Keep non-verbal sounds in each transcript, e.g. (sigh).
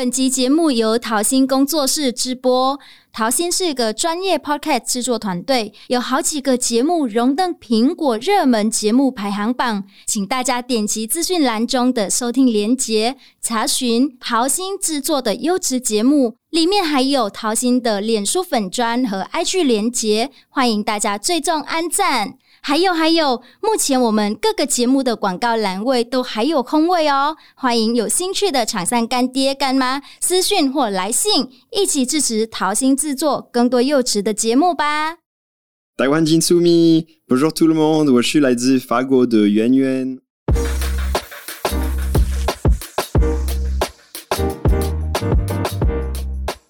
本集節目由桃心工作室直播。桃心是一個專業 podcast 製作團隊，有好幾個節目榮登蘋果熱門節目排行榜，請大家點擊資訊欄中的收聽連結，查詢桃心製作的優質節目。裡面還有桃心的臉書粉專和 IG 連結，歡迎大家追蹤按讚。還有還有，目前我們各個節目的廣告欄位都還有空位哦，歡迎有興趣的廠商乾爹乾媽私訊或來信，一起支持桃心制作更多優質的節目吧。台灣金蘇米，Bonjour tout le monde，我是來自法國的元元。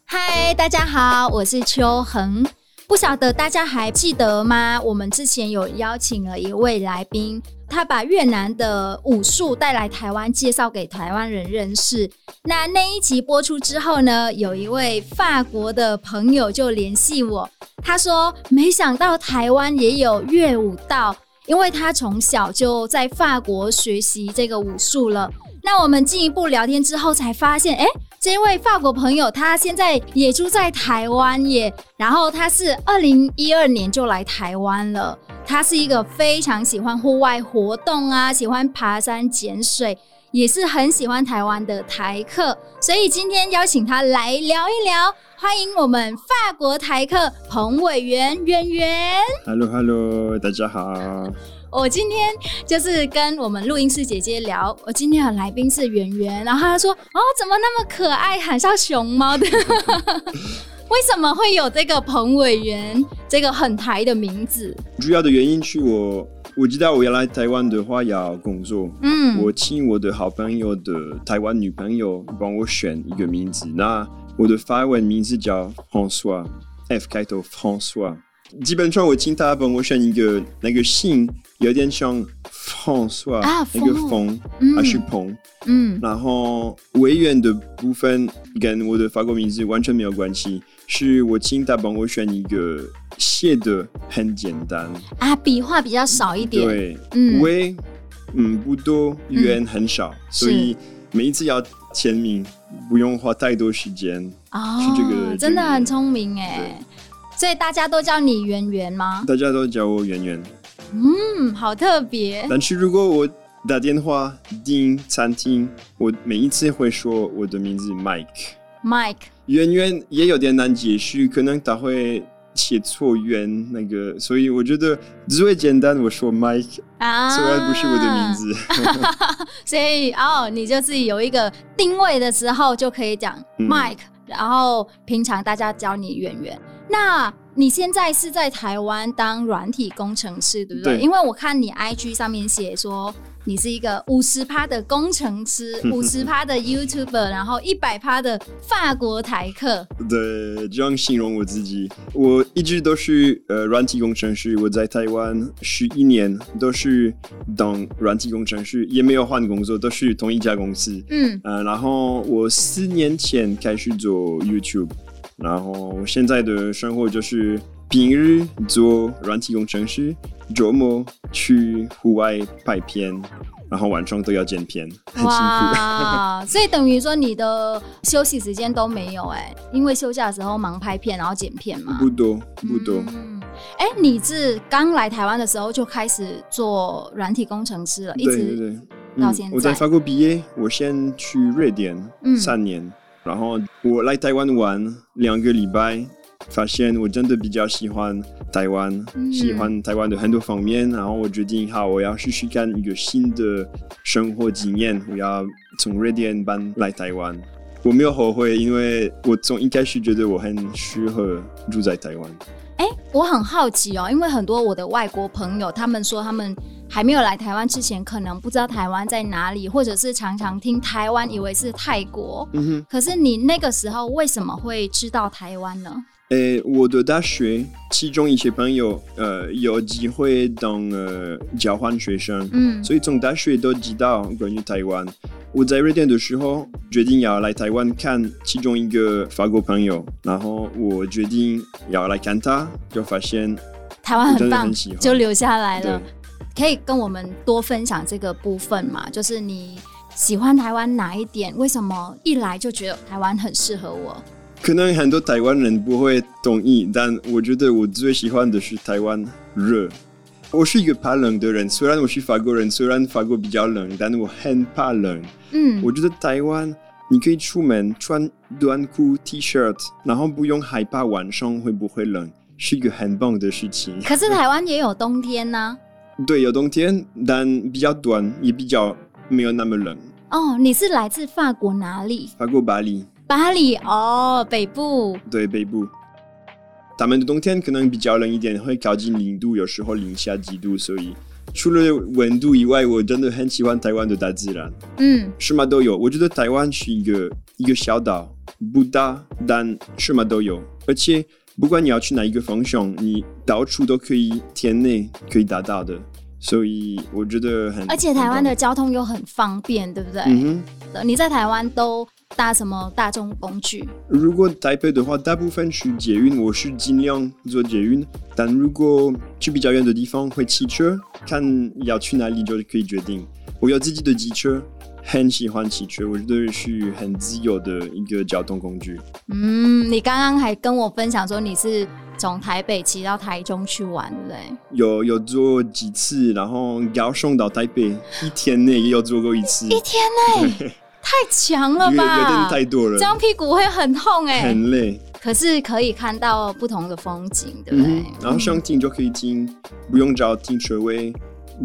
嗨，大家好，我是秋恆。不曉得大家還記得嗎？我們之前有邀請了一位來賓，他把越南的武術帶來台灣，介紹給台灣人認識。那那一集播出之後呢，有一位法國的朋友就聯繫我，他說沒想到台灣也有越武道，因為他從小就在法國學習這個武術了。那我們進一步聊天之後，才發現，哎，這位法國朋友，他現在也住在台灣耶。然後他是二零一二年就來台灣了，他是一個非常喜歡戶外活動啊，喜歡爬山、潛水，也是很喜歡台灣的台客。所以今天邀請他來聊一聊，歡迎我們法國台客馮韋元，韋元 Hello，Hello，大家好。遠遠 hello, hello, 我今天就是跟我們錄音室姐姐聊，我今天有來賓是圓圓，然後她說：“哦，怎麼那麼可愛，很像熊貓的？ (laughs) 為什麼會有這個馮韋元這個很台的名字？”主要的原因是我我知道我要來台灣的話要工作，嗯，我請我的好朋友的台灣女朋友幫我選一個名字，那我的法文名字叫 François, F 開頭 François。基本上我請他幫我選一個，那個姓有點像 François、啊、那個“馮、嗯”還、啊、是“鵬”。嗯，然後“韋元的部分跟我的法國名字完全沒有關係，是我請他幫我選一個寫的很簡單啊，筆畫比較少一點。對，嗯，“韋嗯不多，“元”很少、嗯，所以每一次要簽名不用花太多時間啊、這個。是、哦、這個，真的很聰明哎、欸。所以大家都叫你元元嗎？大家都叫我元元。嗯，好特別。但是如果我打電話訂餐廳，我每一次會說我的名字 Mike。Mike。元元也有點難解釋，可能他會寫錯“元”那個，所以我覺得最簡單我說 Mike 啊，雖然不是我的名字。 (laughs) (laughs) 所以哦，oh, 你就自己有一個定位的時候就可以講 Mike。嗯然後平常大家叫你韋元，那你現在是在台灣當軟體工程師，對不對？對，因為我看你 IG 上面寫說。你是一個五十趴的工程師，五十趴的 YouTuber， (laughs) 然後一百趴的法國台客。對，這樣形容我自己，我一直都是呃軟體工程師。我在台灣十一年都是當軟體工程師，也沒有換工作，都是同一家公司。嗯，呃，然後我四年前開始做 YouTube，然後現在的生活就是。平日做軟體工程師，周末去戶外拍片，然後晚上都要剪片，很辛苦。哇， (laughs) 所以等於說你的休息時間都沒有哎、欸，因為休假的時候忙拍片，然後剪片嘛。不多，不多。嗯，哎、欸，你是剛來台灣的時候就開始做軟體工程師了，一直對對對到現在、嗯。我在法國畢業，我先去瑞典、嗯、三年，然後我來台灣玩兩個禮拜。發現我真的比較喜歡台灣、嗯，喜歡台灣的很多方面，然後我決定好我要試試看一個新的生活經驗，我要從瑞典搬來台灣。我沒有後悔，因為我從一開始覺得我很適合住在台灣。哎、欸，我很好奇哦，因為很多我的外國朋友，他們說他們還沒有來台灣之前，可能不知道台灣在哪裡，或者是常常聽台灣以為是泰國。嗯、可是你那個時候為什麼會知道台灣呢？誒，我的大學，其中一些朋友，呃，有機會當呃交換學生，嗯，所以從大學都知道關於台灣。我在瑞典的時候，決定要來台灣看其中一個法國朋友，然後我決定要來看他，就發現台灣很棒，就留下來了。可以跟我們多分享這個部分嗎？就是你喜歡台灣哪一點？為什麼一來就覺得台灣很適合我？可能很多台灣人不會同意，但我覺得我最喜歡的是台灣熱。我是一個怕冷的人，雖然我是法國人，雖然法國比較冷，但我很怕冷。嗯，我覺得台灣你可以出門穿短褲、T-shirt，然後不用害怕晚上會不會冷，是一個很棒的事情。 (laughs) 可是台灣也有冬天呢？對，有冬天，但比較短，也比較沒有那麼冷。哦，你是來自法國哪裡？法國巴黎。巴黎哦，北部對，北部，他們的冬天可能比較冷一點，會靠近零度，有時候零下幾度。所以除了溫度以外，我真的很喜歡台灣的大自然。嗯，什麼都有。我覺得台灣是一個一個小島，不大，但什麼都有。而且不管你要去哪一個方向，你到處都可以，天內可以達到的。所以我覺得很，而且台灣的交通又很方便，對不對？嗯，你在台灣都。搭什麼大眾工具？如果台北的話，大部分去捷運我是盡量坐捷運。但如果去比較遠的地方，會騎車，看要去哪裡就可以決定。我有自己的機車，很喜歡騎車，我覺得是很自由的一個交通工具。嗯，你剛剛還跟我分享說你是從台北騎到台中去玩，對不對？有有坐幾次，然後高雄到台北一天內也有坐過一次， (laughs) 一天內內。 (laughs) 太強了吧！有點太多了，這樣屁股會很痛哎、欸，很累。可是可以看到不同的風景，嗯、對不對，然後想停就可以停，不用找停車位，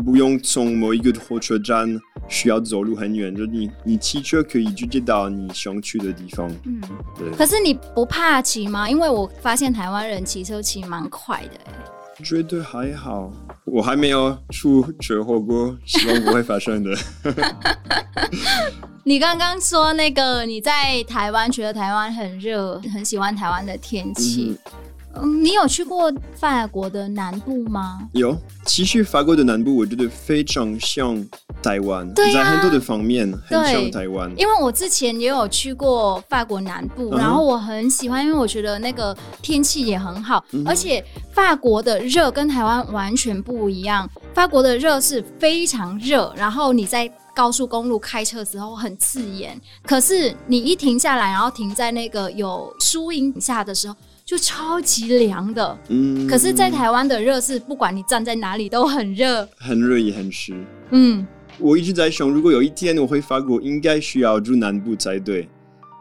不用從某一個火車站需要走路很遠，就你你騎車可以直接到你想去的地方。嗯，對。可是你不怕騎嗎？因為我發現台灣人騎車騎蠻快的、欸。覺得還好，我還沒有出車禍過，希望不會發生的。 (laughs) (laughs) 你剛剛說那個你在台灣覺得台灣很熱，很喜歡台灣的天氣、嗯。嗯，你有去過法國的南部嗎？有，其實法國的南部我覺得非常像台灣，啊，在很多的方面很像台灣。因為我之前也有去過法國南部，然後我很喜歡，因為我覺得那個天氣也很好、嗯，而且法國的熱跟台灣完全不一樣，法國的熱是非常熱，然後你在。高速公路開車的時候很刺眼，可是你一停下來，然後停在那個有樹蔭下的時候，就超級涼的。嗯，可是，在台灣的熱是不管你站在哪裡都很熱，很熱也很濕。嗯，我一直在想，如果有一天我回法國，應該需要住南部才對。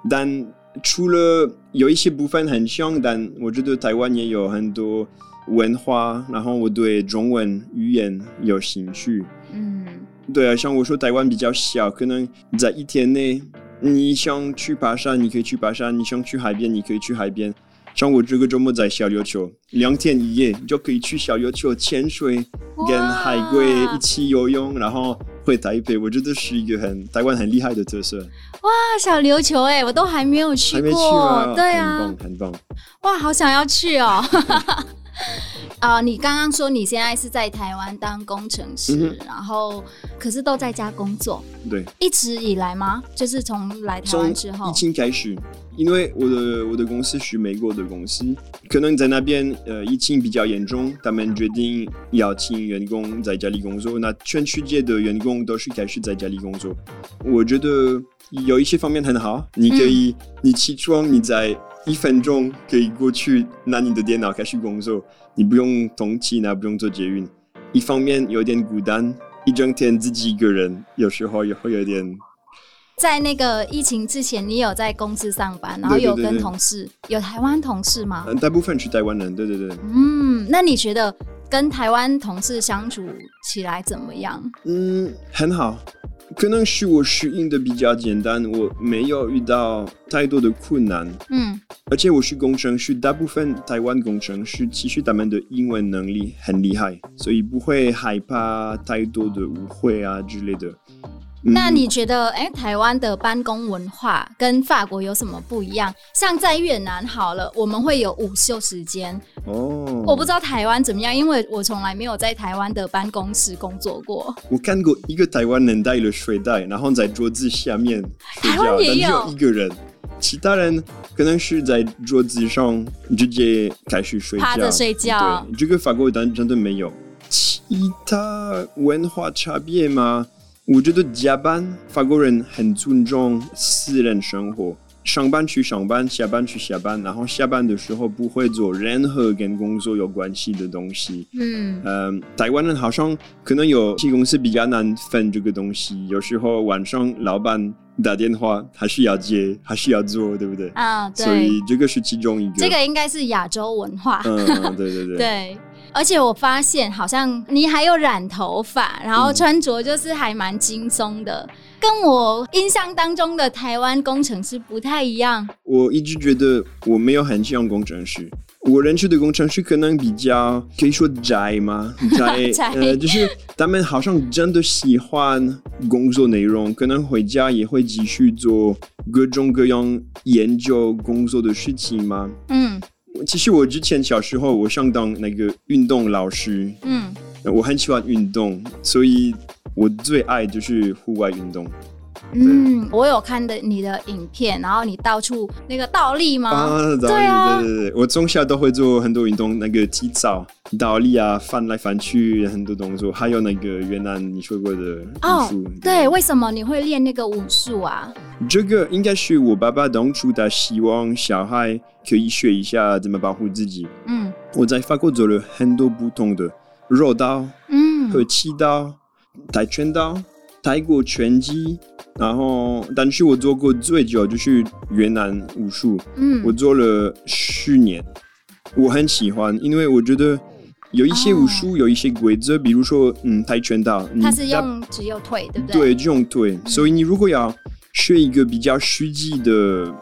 但除了有一些部分很兇，但我覺得台灣也有很多文化，然後我對中文語言有興趣。嗯。對啊，像我說台灣比較小，可能在一天內，你想去爬山你可以去爬山，你想去海邊你可以去海邊。像我這個周末在小琉球兩天一夜，你就可以去小琉球潛水，跟海龜一起游泳，然後回台北。我覺得是一個很台灣很厲害的特色。哇，小琉球哎、欸，我都還沒有去過，還沒去啊，對啊，很棒，很棒。哇，好想要去哦！ (laughs) 啊、uh，你剛剛說你現在是在台灣當工程師、嗯，然後可是都在家工作，對，一直以來嗎？就是從來台灣之後，疫情開始，因為我的我的公司是美國的公司，可能在那邊呃疫情比較嚴重，他們決定要請員工在家裡工作，那全世界的員工都是開始在家裡工作。我覺得有一些方面很好，你可以、嗯、你起床你在。一分鐘可以過去拿你的電腦開始工作，你不用通勤啊，不用坐捷運。一方面有點孤單，一整天自己一個人，有時候也會有點。在那個疫情之前，你有在公司上班，然後有跟同事，對對對對，有台灣同事嗎？嗯，大部分是台灣人，對對對。嗯，那你覺得跟台灣同事相處起來怎麼樣？嗯，很好。可能是我適應的比較簡單，我沒有遇到太多的困難。嗯，而且我是工程師，大部分台灣工程師，其實他們的英文能力很厲害，所以不會害怕太多的誤會啊之類的。嗯、那你覺得，哎、欸，台灣的辦公文化跟法國有什麼不一樣？像在越南好了，我們會有午休時間。哦，我不知道台灣怎麼樣，因為我從來沒有在台灣的辦公室工作過。我看過一個台灣人帶了睡袋，然後在桌子下面睡覺，台灣也有，只有一個人，其他人可能是在桌子上直接開始睡覺。趴着睡覺。對，這個法國人真的沒有。其他文化差別嗎？我覺得加班，法國人很尊重私人生活，上班去上班，下班去下班，然後下班的時候不會做任何跟工作有關係的東西。嗯嗯、呃，台灣人好像可能有些公司比較難分這個東西，有時候晚上老闆打電話還是要接，還是要做，對不對？啊，對。所以這個是其中一個。這個應該是亞洲文化。嗯，對對對。 (laughs) 對。而且我發現，好像你還有染頭髮，然後穿着就是還蠻輕鬆的，嗯，跟我印象當中的台灣工程師不太一樣。我一直覺得我沒有很像工程師，我認識的工程師可能比較可以說宅嗎？宅宅， (laughs) 呃，就是他們好像真的喜歡工作內容，可能回家也會繼續做各種各樣研究工作的事情嗎？嗯。其實我之前小時候，我想當那個運動老師，嗯，我很喜歡運動，所以我最愛就是戶外運動。嗯，我有看的你的影片，然後你到處那個倒立嗎？啊，倒立，對、啊、對，對對，我從小都會做很多運動，那個體操、倒立啊，翻來翻去很多動作，還有那個越南你說過的武術哦，對，為什麼你會練那個武術啊？這個應該是我爸爸當初他希望小孩可以學一下怎麼保護自己。嗯，我在法國做了很多不同的柔道，嗯，還有合氣道、跆拳道。泰國拳擊，然後但是我做過最久就是越南武術，嗯，我做了十年，我很喜歡，因為我覺得有一些武術有一些規則，哦、比如說嗯跆拳道，它是用只有腿對不對？對，就用腿、嗯，所以你如果要學一個比較實際的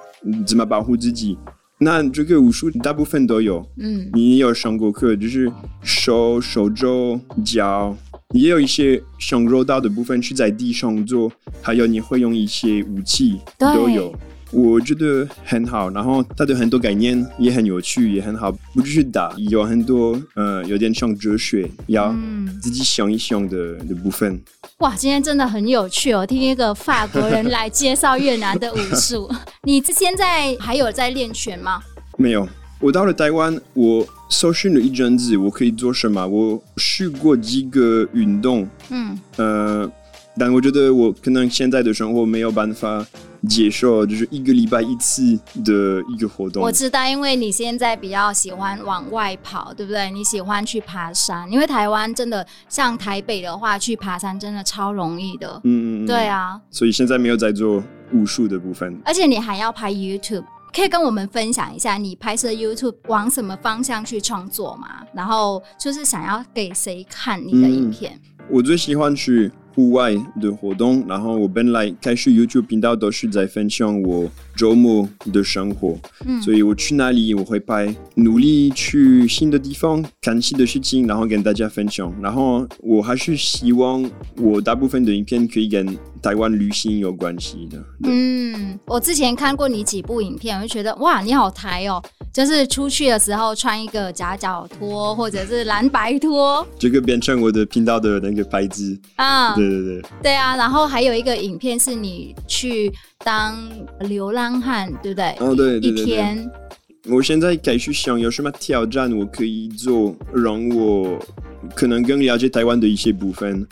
怎麼保護自己，那這個武術大部分都有，嗯，你也有上過課就是手、手肘、腳。也有一些像柔道的部分是在地上做，還有你會用一些武器，都有。我覺得很好，然後它的很多概念也很有趣，也很好，不只是打，有很多嗯、呃，有點像哲學，要自己想一想的、嗯、的部分。哇，今天真的很有趣哦！聽一個法國人來介紹越南的武術。 (laughs) (laughs) 你現在還有在練拳嗎？沒有。我到了台灣，我搜尋了一陣子，我可以做什麼？我試過幾個運動，嗯，呃，但我覺得我可能現在的生活沒有辦法接受，就是一個禮拜一次的一個活動。我知道，因為你現在比較喜歡往外跑，對不對？你喜歡去爬山，因為台灣真的像台北的話，去爬山真的超容易的。嗯嗯，對啊。所以現在沒有在做武術的部分，而且你還要拍 YouTube。可以跟我們分享一下，你拍攝 YouTube 往什麼方向去創作嗎？然後就是想要給誰看你的影片？嗯，我最喜歡去。戶外的活動，然後我本來開始 YouTube 頻道都是在分享我周末的生活。嗯，所以我去哪裡我會拍，努力去新的地方，看新的事情，然後跟大家分享。然後我還是希望我大部分的影片可以跟台灣旅行有關係的。嗯，我之前看過你幾部影片，我就覺得哇，你好台哦，就是出去的時候穿一個夾腳拖或者是藍白拖，這個變成我的頻道的那個牌子啊。對對對，對啊，然後還有一個影片是你去當流浪漢，對不對？哦，對，一,一天。對對對對。我現在開始想有什麼挑戰我可以做，讓我可能更了解台灣的一些部分。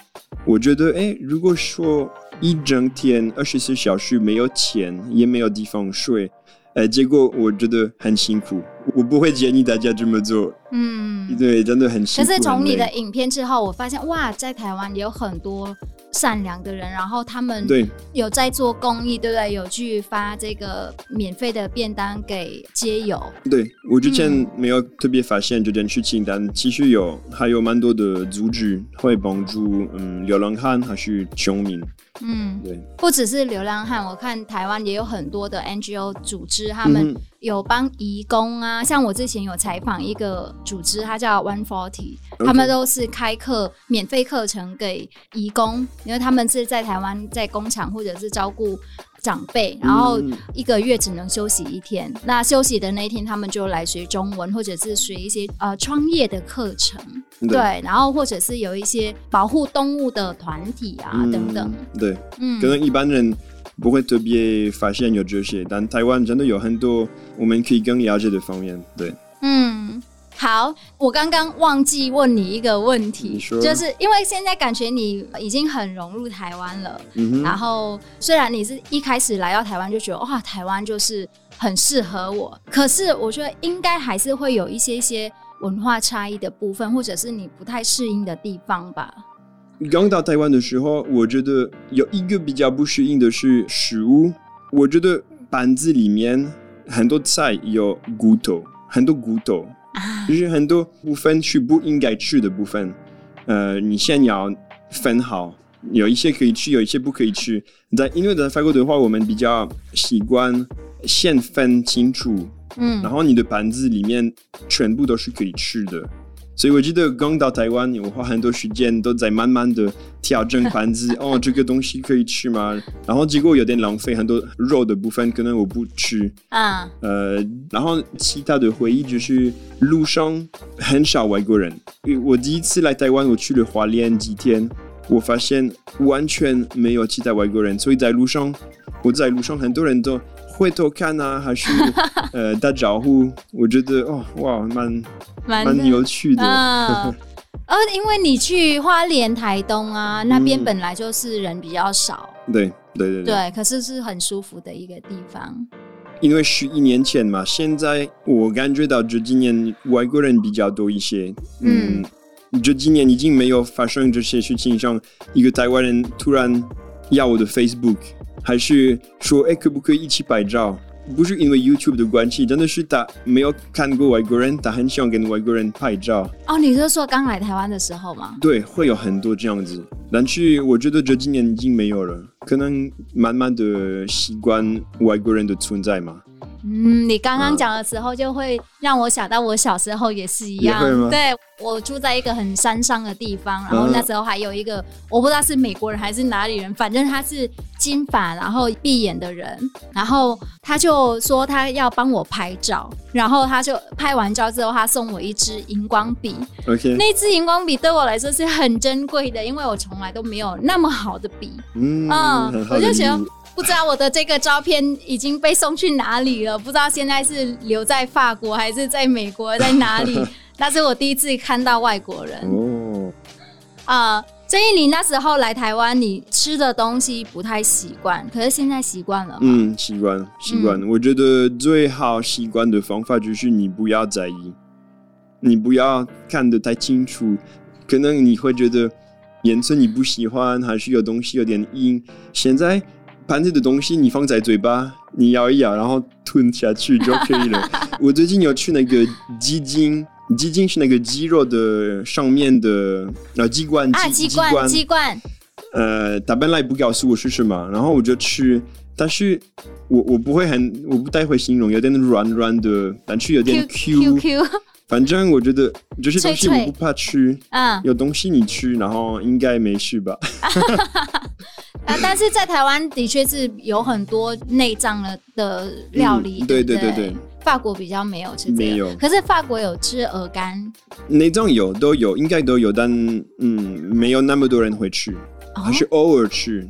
我覺得，哎，如果說一整天二十四小時沒有錢，也沒有地方睡。哎，結果我覺得很辛苦，我不會建議大家這麼做。嗯，對，真的很辛苦。可是從你的影片之後，我發現哇，在台灣也有很多。善良的人，然後他們對有在做公益，對，對不對？有去發這個免費的便當給街友。對，我之前沒有特別發現這件事情，嗯，但其實有，還有蠻多的組織會幫助嗯流浪漢還是窮民。嗯，對，不只是流浪漢，我看台灣也有很多的 NGO 組織，他們、嗯。有幫移工啊，像我之前有採訪一個組織，它叫 One Forty、Okay. 他們都是開課免費課程給移工，因為他們是在台灣在工廠或者是照顧長輩，然後一個月只能休息一天，嗯、那休息的那一天他們就來學中文，或者是學一些呃創業的課程，對，對，然後或者是有一些保護動物的團體啊、嗯、等等，對，嗯，跟一般人。不會特別發現有這些，但台灣真的有很多我們可以更了解的方面，對。嗯，好，我剛剛忘記問你一個問題，說就是因為現在感覺你已經很融入台灣了，嗯，然後雖然你是一開始來到台灣就覺得哇，台灣就是很適合我，可是我覺得應該還是會有一些一些文化差異的部分，或者是你不太適應的地方吧？剛到台灣的時候，我覺得有一個比較不適應的是食物。我覺得盤子裡面很多菜有骨頭，很多骨頭，就是很多部分是不應該吃的部分。呃，你先要分好，有一些可以吃，有一些不可以吃。但因為在法國的話，我們比較習慣先分清楚，嗯，然後你的盤子裡面全部都是可以吃的。所以我記得剛到台灣，我花很多時間都在慢慢的調整盤子。 (laughs) 哦，這個東西可以吃嗎？然後結果有點浪費，很多肉的部分可能我不吃。啊、uh.。呃，然後其他的回憶就是路上很少外國人。我第一次來台灣，我去了花蓮幾天，我發現完全沒有其他外國人。所以在路上，我在路上很多人都。回頭看呢、啊，還是呃打招呼， (laughs) 我覺得哦哇，蠻蠻有趣的，的、呃呵呵呃。因為你去花蓮、台東啊，嗯、那邊本來就是人比較少，對對對對，對，可是是很舒服的一個地方。因為十一年前嘛，現在我感覺到這幾年外國人比較多一些。嗯，嗯這幾年已經沒有發生這些事情，像一個台灣人突然要我的 Facebook。還是說，欸，可不可以一起拍照？不是因為 YouTube 的關係，真的是他沒有看過外國人，他很想跟外國人拍照。哦，你是說剛來台灣的時候嗎？對，會有很多這樣子，但是我覺得這幾年已經沒有了，可能慢慢的習慣外國人的存在嘛。嗯，你剛剛講的時候就會讓我想到我小時候也是一樣。對，我住在一個很山上的地方，然後那時候還有一個，啊、我不知道是美國人還是哪裡人，反正他是金髮然後碧眼的人，然後他就說他要幫我拍照，然後他就拍完照之後，他送我一支熒光筆。Okay. 那支熒光筆對我來說是很珍貴的，因為我從來都沒有那麼好的筆。嗯，嗯，我就喜歡。不知道我的這個照片已經被送去哪裡了？不知道現在是留在法國還是在美國，在哪裡？ (laughs) 那是我第一次看到外國人。哦啊，所以你那時候來台灣，你吃的東西不太習慣，可是現在習慣了。嗯，習慣習慣。我覺得最好習慣的方法就是你不要在意，你不要看得太清楚，可能你會覺得顏色你不喜歡，還是有東西有點硬。現在。盤子的東西你放在嘴巴，你咬一咬，然後吞下去就可以了。 (laughs) 我最近有吃那個雞精，雞精是那個雞肉的上面的然後、呃雞、雞、啊、雞冠，雞冠，雞冠。呃，他本來不告訴我是什麼，然後我就吃。但是我我不會很，我不太會形容，有點軟軟的，但是有點 Q, Q, Q, Q。反正我覺得，這些東西我不怕吃翠翠，嗯，有東西你吃，然後應該沒事吧。 (laughs) (laughs) 啊，但是在台灣的確是有很多內臟的的料理，嗯，對對，對對對對。法國比較沒有吃，這個，沒有。可是法國有吃鵝肝。內臟有都有，應該都有，但嗯，沒有那麼多人會吃，哦，還是偶爾吃，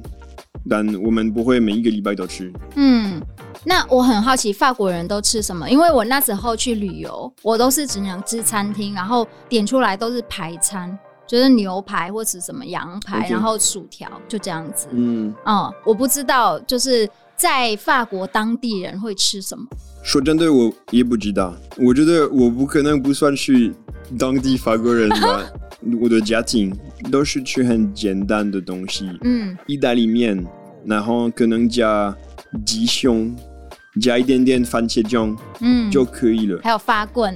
但我們不會每一個禮拜都吃。嗯。那我很好奇法國人都吃什麼？因為我那時候去旅遊，我都是只能吃餐廳，然後點出來都是排餐，就是牛排或是什麼羊排，okay. 然後薯條，就這樣子。嗯，哦、嗯，我不知道，就是在法國當地人會吃什麼？說真的，我也不知道。我覺得我不可能不算是當地法國人的， (laughs) 我的家庭都是吃很簡單的東西。嗯，意大利麵，然後可能加雞胸。加一點點番茄醬，嗯，就可以了。還有法棍。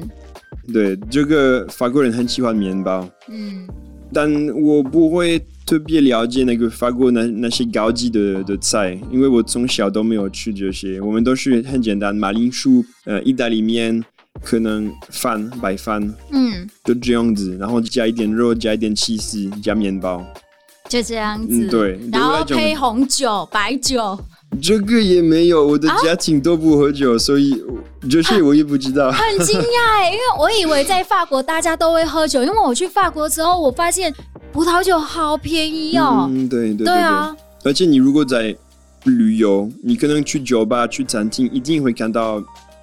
對，這個法國人很喜歡麵包。嗯，但我不會特別了解那個法國那那些高級的的菜，因為我從小都沒有吃這些。我們都是很簡單，馬鈴薯，呃，意大利麵，可能飯，白飯，嗯，就這樣子，然後加一點肉，加一點起司，加麵包，就這樣子。嗯，對，然後配紅酒，白酒。這個也沒有，我的家庭都不喝酒，啊、所以這些、就是、我也不知道。啊、很驚訝， (laughs) 因為我以為在法國大家都會喝酒，因為我去法國之後，我發現葡萄酒好便宜哦。嗯，對對對，對。對啊，而且你如果在旅遊，你可能去酒吧、去餐廳，一定會看到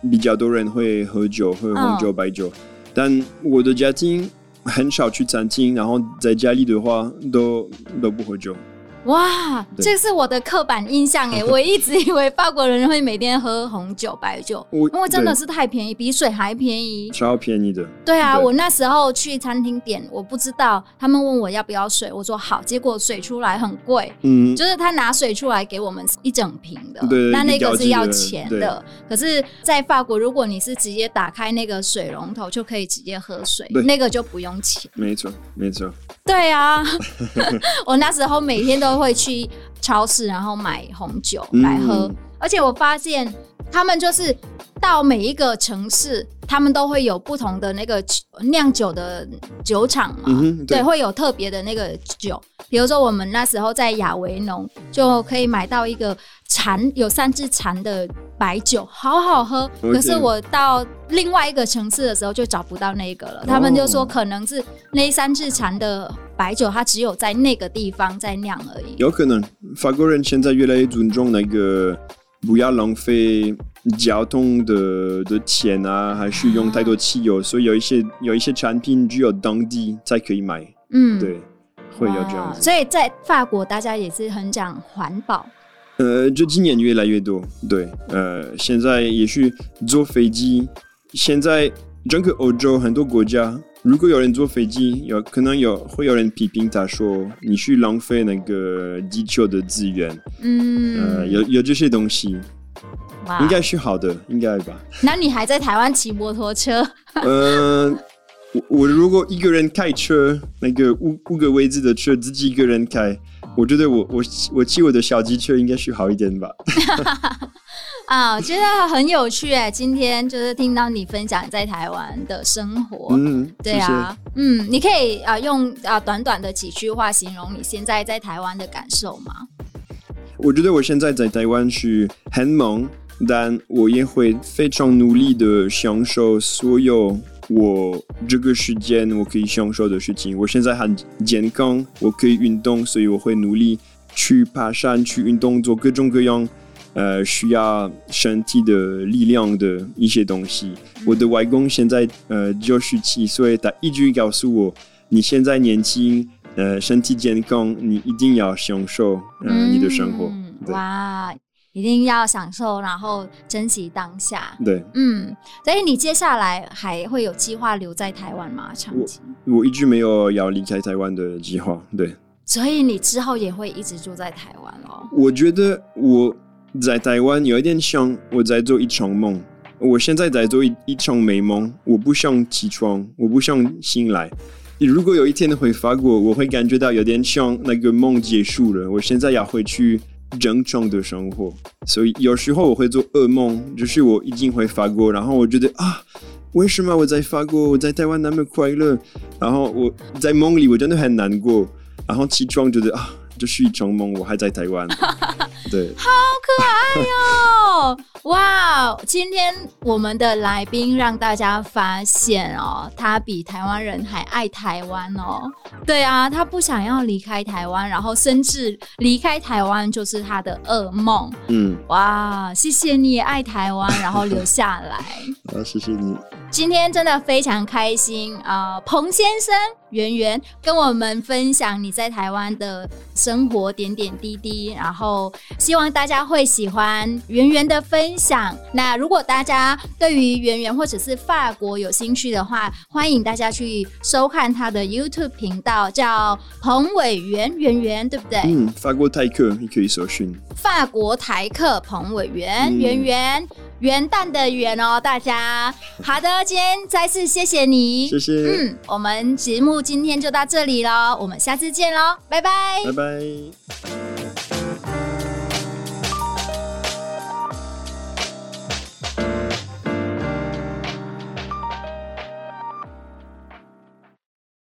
比較多人會喝酒，喝紅酒、哦、白酒。但我的家庭很少去餐廳，然後在家裡的話，都都不喝酒。哇，這是我的刻板印象哎，我一直以為法國人會每天喝紅酒白酒，因為真的是太便宜，比水還便宜，超便宜的。對啊對，我那時候去餐廳點，我不知道他們問我要不要水，我說好，結果水出來很貴，嗯，就是他拿水出來給我們是一整瓶的，那那個是要錢的。了了可是，在法國，如果你是直接打開那個水龍頭就可以直接喝水，那個就不用錢。沒錯，沒錯。對啊， (laughs) (laughs) 我那時候每天都。都會去超市，然後買紅酒來喝，嗯。而且我發現他們就是。到每一個城市，他們都會有不同的那個釀酒的酒廠嘛、嗯哼，對，會有特別的那個酒。比如說，我們那時候在雅維農就可以買到一個蟬，有三隻蟬的白酒，好好喝。Okay. 可是我到另外一個城市的時候就找不到那個了。Oh. 他們就說，可能是那三隻蟬的白酒，它只有在那個地方在釀而已。有可能，法國人現在越來越尊重那個。不要浪費交通的的錢啊，還是用太多汽油，嗯、所以有一些有一些產品只有當地才可以買，嗯，對，會有這樣子。所以在法國，大家也是很講環保。呃，這幾年越來越多，對，呃，嗯、現在也是坐飛機，現在整個歐洲很多國家。如果有人坐飛機，有可能有會有人批評他說：“你去浪費那個地球的資源。”嗯，呃、有有這些東西，應該是好的，應該吧？那你還在台灣騎摩托車？嗯 (laughs) 呃，我如果一個人開車，那個五五個位置的車自己一個人開，我覺得我我我騎我的小機車應該是好一點吧。 (laughs) (laughs) 啊，我覺得很有趣哎、欸！今天就是聽到你分享在台灣的生活，嗯，對啊，謝謝，嗯，你可以啊用啊短短的幾句話形容你現在在台灣的感受嗎？我覺得我現在在台灣是很忙，但我也會非常努力的享受所有我這個時間我可以享受的事情。我現在很健康，我可以運動，所以我會努力去爬山、去運動、做各種各樣。呃，需要身體的力量的一些東西。嗯、我的外公現在呃九十七歲，所以他一直告訴我，你現在年輕，呃，身體健康，你一定要享受、呃、嗯你的生活。哇，一定要享受，然後珍惜當下。對，嗯，所以你接下來還會有計劃留在台灣嗎？長期？我一直沒有要離開台灣的計劃。對，所以你之後也會一直住在台灣哦？我覺得我。在台灣有一點像我在做一場夢，我現在在做一一場美夢，我不想起床，我不想醒來。如果有一天回法國，我會感覺到有點像那個夢結束了，我現在要回去正常的生活。所以有時候我會做噩夢，就是我已經回法國，然後我覺得啊，為什麼我在法國，我在台灣那麼快樂？然後我在夢裡我真的很難過，然後起床覺得啊。就是一種夢，我還在台灣， (laughs) 對，好可愛哦、喔！哇、wow,，今天我們的來賓讓大家發現哦、喔，他比台灣人還愛台灣哦、喔。對啊，他不想要離開台灣，然後甚至離開台灣就是他的噩夢。嗯，哇、wow,，謝謝你愛台灣，然後留下來。 (laughs) 啊，謝謝你。今天真的非常開心啊、呃，馮先生，韋元跟我們分享你在台灣的生活點點滴滴，然後希望大家會喜歡元元的分享。那如果大家對於元元或者是法國有興趣的話，歡迎大家去收看他的 YouTube 頻道，叫馮韋元元元，對不對？嗯，法國台客你可以搜尋法國台客馮韋元元元。嗯，元元元旦的元哦，大家好的。今天 (laughs) 再次謝謝你，謝謝，嗯，我們節目今天就到這裡嘍，我們下次見嘍，拜拜，拜拜。